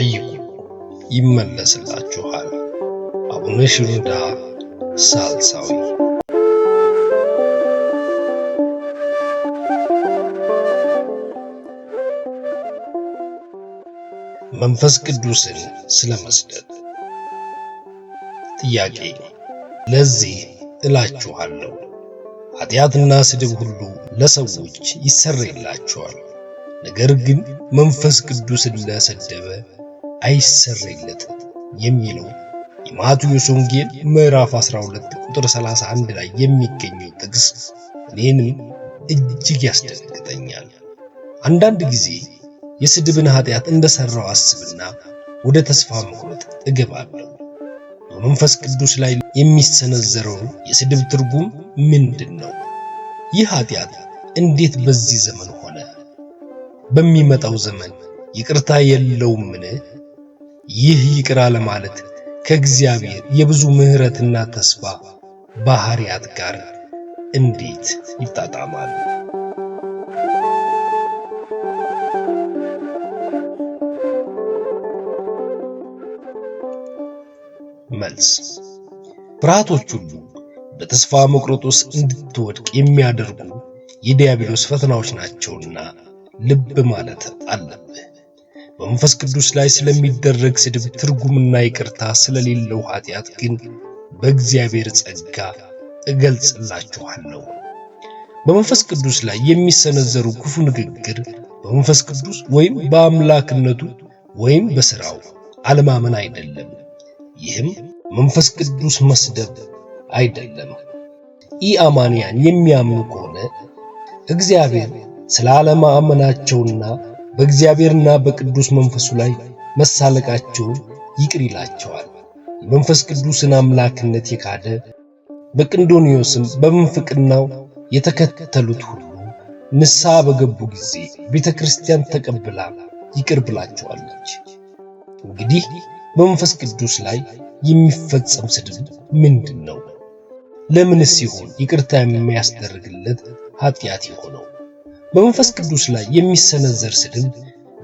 ጠይቁ ይመለስላችኋል። አቡነ ሺኖዳ ሳልሳዊ መንፈስ ቅዱስን ስለ መስደድ ጥያቄ። ለዚህ እላችኋለሁ ኃጢአትና ስድብ ሁሉ ለሰዎች ይሰረይላቸዋል። ነገር ግን መንፈስ ቅዱስን ለሰደበ አይሰረይለት የሚለው የማቴዎስ ወንጌል ምዕራፍ 12 ቁጥር 31 ላይ የሚገኘው ጥቅስ እኔንም እጅግ ያስደነግጠኛል። አንዳንድ ጊዜ የስድብን ኃጢአት እንደሰራው አስብና ወደ ተስፋ መቁረጥ እገባለሁ። በመንፈስ ቅዱስ ላይ የሚሰነዘረው የስድብ ትርጉም ምንድን ነው? ይህ ኃጢአት እንዴት በዚህ ዘመን ሆነ? በሚመጣው ዘመን ይቅርታ የለውምን? ይህ ይቅር ማለት ከእግዚአብሔር የብዙ ምሕረትና ተስፋ ባህሪያት ጋር እንዴት ይጣጣማል? መልስ ፍርሃቶች ሁሉ በተስፋ መቁረጥ ውስጥ እንድትወድቅ የሚያደርጉ የዲያብሎስ ፈተናዎች ናቸውና ልብ ማለት አለብህ። በመንፈስ ቅዱስ ላይ ስለሚደረግ ስድብ ትርጉምና ይቅርታ ስለሌለው ኃጢአት ግን በእግዚአብሔር ጸጋ እገልጽላችኋለሁ። በመንፈስ ቅዱስ ላይ የሚሰነዘሩ ክፉ ንግግር በመንፈስ ቅዱስ ወይም በአምላክነቱ ወይም በሥራው አለማመን አይደለም። ይህም መንፈስ ቅዱስ መስደብ አይደለም። ኢአማንያን የሚያምኑ ከሆነ እግዚአብሔር ስለ አለማመናቸውና በእግዚአብሔርና በቅዱስ መንፈሱ ላይ መሳለቃቸውን ይቅር ይላቸዋል። የመንፈስ ቅዱስን አምላክነት የካደ በቅንዶኒዮስም በምንፍቅናው የተከተሉት ሁሉ ንስሐ በገቡ ጊዜ ቤተ ክርስቲያን ተቀብላ ይቅር ብላቸዋለች። እንግዲህ በመንፈስ ቅዱስ ላይ የሚፈጸም ስድብ ምንድን ነው? ለምንስ ይሆን ይቅርታ የሚያስደርግለት ኃጢአት የሆነው? በመንፈስ ቅዱስ ላይ የሚሰነዘር ስድብ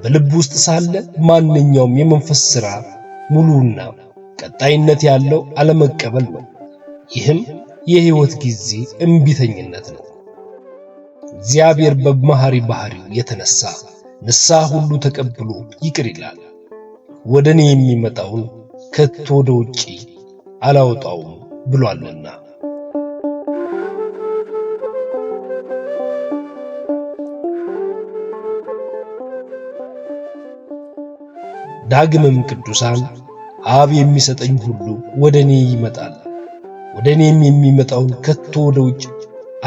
በልብ ውስጥ ሳለ ማንኛውም የመንፈስ ሥራ ሙሉና ቀጣይነት ያለው አለመቀበል ነው። ይህም የሕይወት ጊዜ እምቢተኝነት ነው። እግዚአብሔር በመሐሪ ባህሪው የተነሳ ንስሐ ሁሉ ተቀብሎ ይቅር ይላል። ወደ እኔ የሚመጣውን ከቶ ወደ ውጪ አላወጣውም ብሏልና ዳግምም ቅዱሳን አብ የሚሰጠኝ ሁሉ ወደ እኔ ይመጣል፣ ወደ እኔም የሚመጣውን ከቶ ወደ ውጭ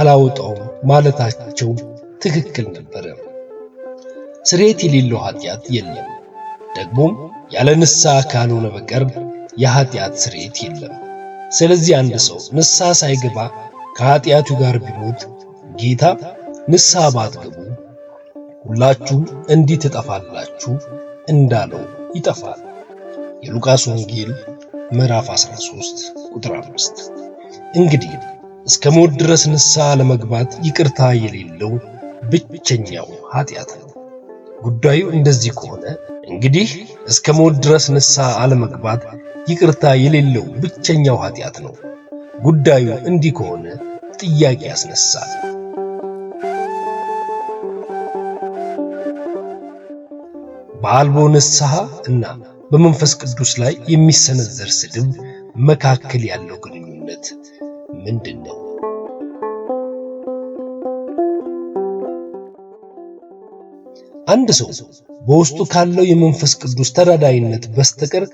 አላወጣውም ማለታቸው ትክክል ነበረ። ስሬት የሌለው ኃጢአት የለም። ደግሞም ያለ ንስሐ ካልሆነ በቀር የኃጢአት ስሬት የለም። ስለዚህ አንድ ሰው ንስሐ ሳይገባ ከኃጢአቱ ጋር ቢሞት ጌታ ንስሐ ባትገቡ ሁላችሁ እንዲህ ትጠፋላችሁ እንዳለው ይጠፋል። የሉቃስ ወንጌል ምዕራፍ 13 ቁጥር 5። እንግዲህ እስከ ሞት ድረስ ንስሐ ለመግባት ይቅርታ የሌለው ብቸኛው ኃጢአት ነው። ጉዳዩ እንደዚህ ከሆነ እንግዲህ እስከ ሞት ድረስ ንስሐ አለመግባት ይቅርታ የሌለው ብቸኛው ኃጢአት ነው። ጉዳዩ እንዲህ ከሆነ ጥያቄ ያስነሳል። በአልቦ ንስሐ እና በመንፈስ ቅዱስ ላይ የሚሰነዘር ስድብ መካከል ያለው ግንኙነት ምንድን ነው? አንድ ሰው በውስጡ ካለው የመንፈስ ቅዱስ ተራዳይነት በስተቀር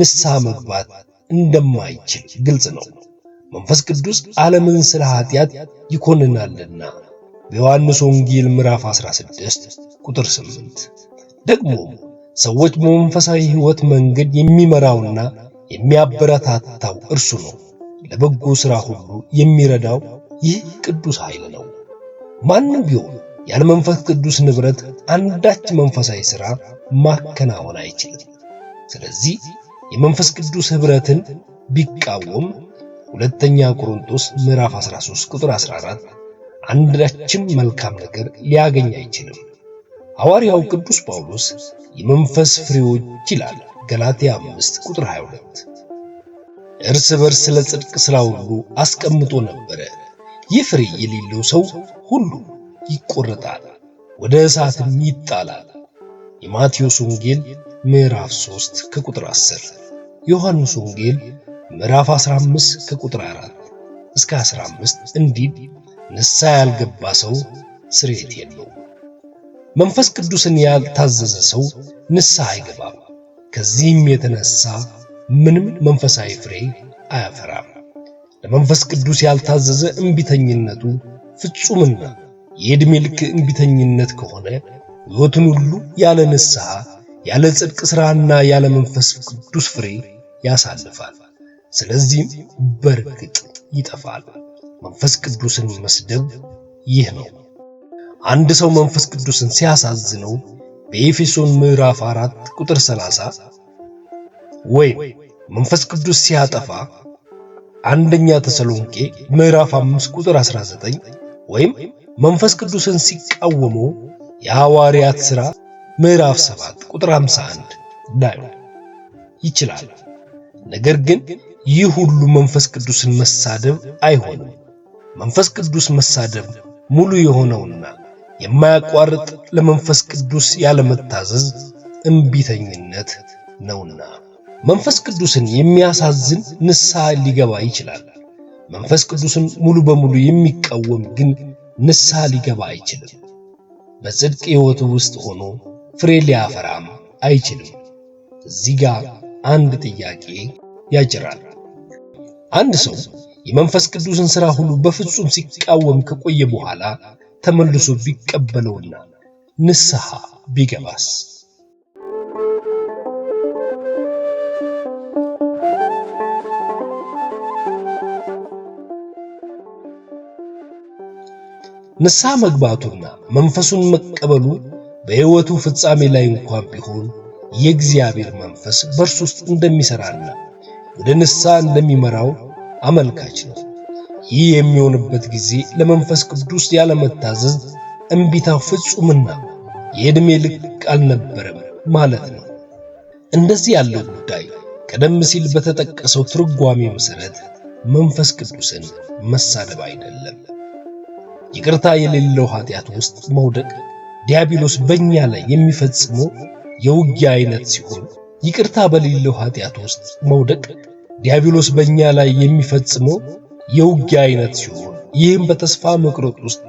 ንስሐ መግባት እንደማይችል ግልጽ ነው። መንፈስ ቅዱስ ዓለምን ስለ ኃጢአት ይኮንናልና በዮሐንስ ወንጌል ምዕራፍ 16 ቁጥር 8 ደግሞ ሰዎች በመንፈሳዊ ሕይወት መንገድ የሚመራውና የሚያበረታታው እርሱ ነው። ለበጎ ሥራ ሁሉ የሚረዳው ይህ ቅዱስ ኃይል ነው። ማንም ቢሆን ያለ መንፈስ ቅዱስ ንብረት አንዳች መንፈሳዊ ሥራ ማከናወን አይችልም። ስለዚህ የመንፈስ ቅዱስ ኅብረትን ቢቃወም ሁለተኛ ቆሮንቶስ ምዕራፍ 13 ቁጥር 14 አንዳችም መልካም ነገር ሊያገኝ አይችልም። ሐዋርያው ቅዱስ ጳውሎስ የመንፈስ ፍሬዎች ይላል ገላትያ 5 ቁጥር 22። እርስ በርስ ስለ ጽድቅ ሥራ ሁሉ አስቀምጦ ነበረ። ይህ ፍሬ የሌለው ሰው ሁሉ ይቆረጣል፣ ወደ እሳትም ይጣላል። የማቴዎስ ወንጌል ምዕራፍ 3 ከቁጥር 10፣ ዮሐንስ ወንጌል ምዕራፍ 15 ከቁጥር 4 እስከ 15 እንዲህ ንስሐ ያልገባ ሰው ስርየት የለውም። መንፈስ ቅዱስን ያልታዘዘ ሰው ንስሐ አይገባም። ከዚህም የተነሳ ምንም መንፈሳዊ ፍሬ አያፈራም። ለመንፈስ ቅዱስ ያልታዘዘ እምቢተኝነቱ ፍጹምና የዕድሜ ልክ እምቢተኝነት ከሆነ ሕይወትን ሁሉ ያለ ንስሐ ያለ ጽድቅ ሥራና ያለ መንፈስ ቅዱስ ፍሬ ያሳልፋል። ስለዚህም በርግጥ ይጠፋል። መንፈስ ቅዱስን መስደብ ይህ ነው። አንድ ሰው መንፈስ ቅዱስን ሲያሳዝነው በኤፌሶን ምዕራፍ 4 ቁጥር 30 ወይም መንፈስ ቅዱስ ሲያጠፋ አንደኛ ተሰሎንቄ ምዕራፍ 5 ቁጥር 19 ወይም መንፈስ ቅዱስን ሲቃወመው የሐዋርያት ሥራ ምዕራፍ 7 ቁጥር 51 ላይ ይችላል። ነገር ግን ይህ ሁሉ መንፈስ ቅዱስን መሳደብ አይሆንም። መንፈስ ቅዱስ መሳደብ ሙሉ የሆነውና የማያቋርጥ ለመንፈስ ቅዱስ ያለመታዘዝ እምቢተኝነት ነውና። መንፈስ ቅዱስን የሚያሳዝን ንስሐ ሊገባ ይችላል። መንፈስ ቅዱስን ሙሉ በሙሉ የሚቃወም ግን ንስሐ ሊገባ አይችልም። በጽድቅ ሕይወቱ ውስጥ ሆኖ ፍሬ ሊያፈራም አይችልም። እዚህ ጋር አንድ ጥያቄ ያጭራል። አንድ ሰው የመንፈስ ቅዱስን ሥራ ሁሉ በፍጹም ሲቃወም ከቆየ በኋላ ተመልሶ ቢቀበለውና ንስሐ ቢገባስ? ንስሐ መግባቱና መንፈሱን መቀበሉ በሕይወቱ ፍጻሜ ላይ እንኳን ቢሆን የእግዚአብሔር መንፈስ በእርሱ ውስጥ እንደሚሠራና ወደ ንስሐ እንደሚመራው አመልካች ነው። ይህ የሚሆንበት ጊዜ ለመንፈስ ቅዱስ ያለመታዘዝ እምቢታ ፍጹምና የዕድሜ ልክ አልነበረም ማለት ነው። እንደዚህ ያለው ጉዳይ ቀደም ሲል በተጠቀሰው ትርጓሜ መሠረት መንፈስ ቅዱስን መሳደብ አይደለም። ይቅርታ የሌለው ኃጢአት ውስጥ መውደቅ ዲያብሎስ በእኛ ላይ የሚፈጽመው የውጊያ አይነት ሲሆን ይቅርታ በሌለው ኃጢአት ውስጥ መውደቅ ዲያብሎስ በእኛ ላይ የሚፈጽመው የውጊያ አይነት ሲሆን ይህም በተስፋ መቁረጥ ውስጥ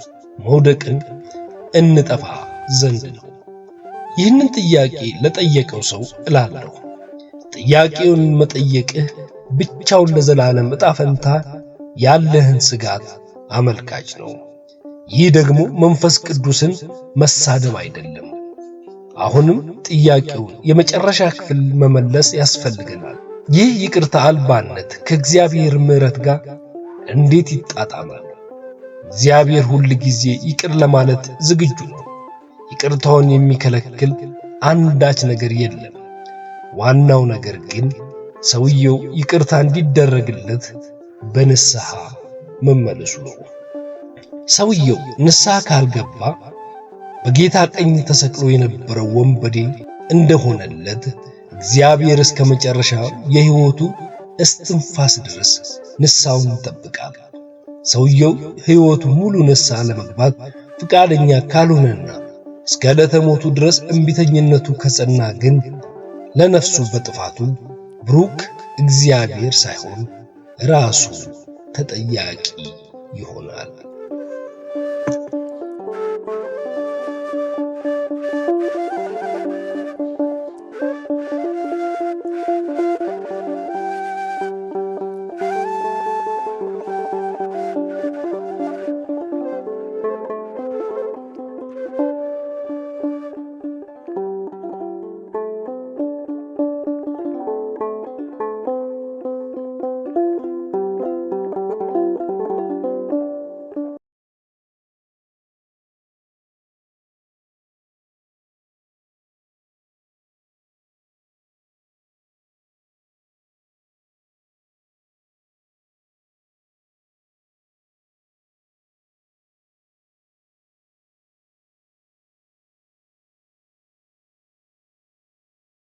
መውደቅን እንጠፋ ዘንድ ነው። ይህንን ጥያቄ ለጠየቀው ሰው እላለሁ ጥያቄውን መጠየቅህ ብቻውን ለዘላለም ዕጣ ፈንታ ያለህን ስጋት አመልካች ነው። ይህ ደግሞ መንፈስ ቅዱስን መሳደብ አይደለም። አሁንም ጥያቄውን የመጨረሻ ክፍል መመለስ ያስፈልገናል። ይህ ይቅርታ አልባነት ከእግዚአብሔር ምሕረት ጋር እንዴት ይጣጣማል? እግዚአብሔር ሁል ጊዜ ይቅር ለማለት ዝግጁ ነው። ይቅርታውን የሚከለክል አንዳች ነገር የለም። ዋናው ነገር ግን ሰውየው ይቅርታ እንዲደረግለት በንስሐ መመለሱ ነው። ሰውየው ንስሐ ካልገባ በጌታ ቀኝ ተሰቅሎ የነበረው ወንበዴ እንደሆነለት እግዚአብሔር እስከ መጨረሻ የሕይወቱ እስትንፋስ ድረስ ንሳውን ይጠብቃል። ሰውየው ሕይወቱ ሙሉ ንሳ ለመግባት ፍቃደኛ ካልሆነና እስከ ዕለተ ሞቱ ድረስ እምቢተኝነቱ ከጸና ግን ለነፍሱ በጥፋቱ ብሩክ እግዚአብሔር ሳይሆን ራሱ ተጠያቂ ይሆናል።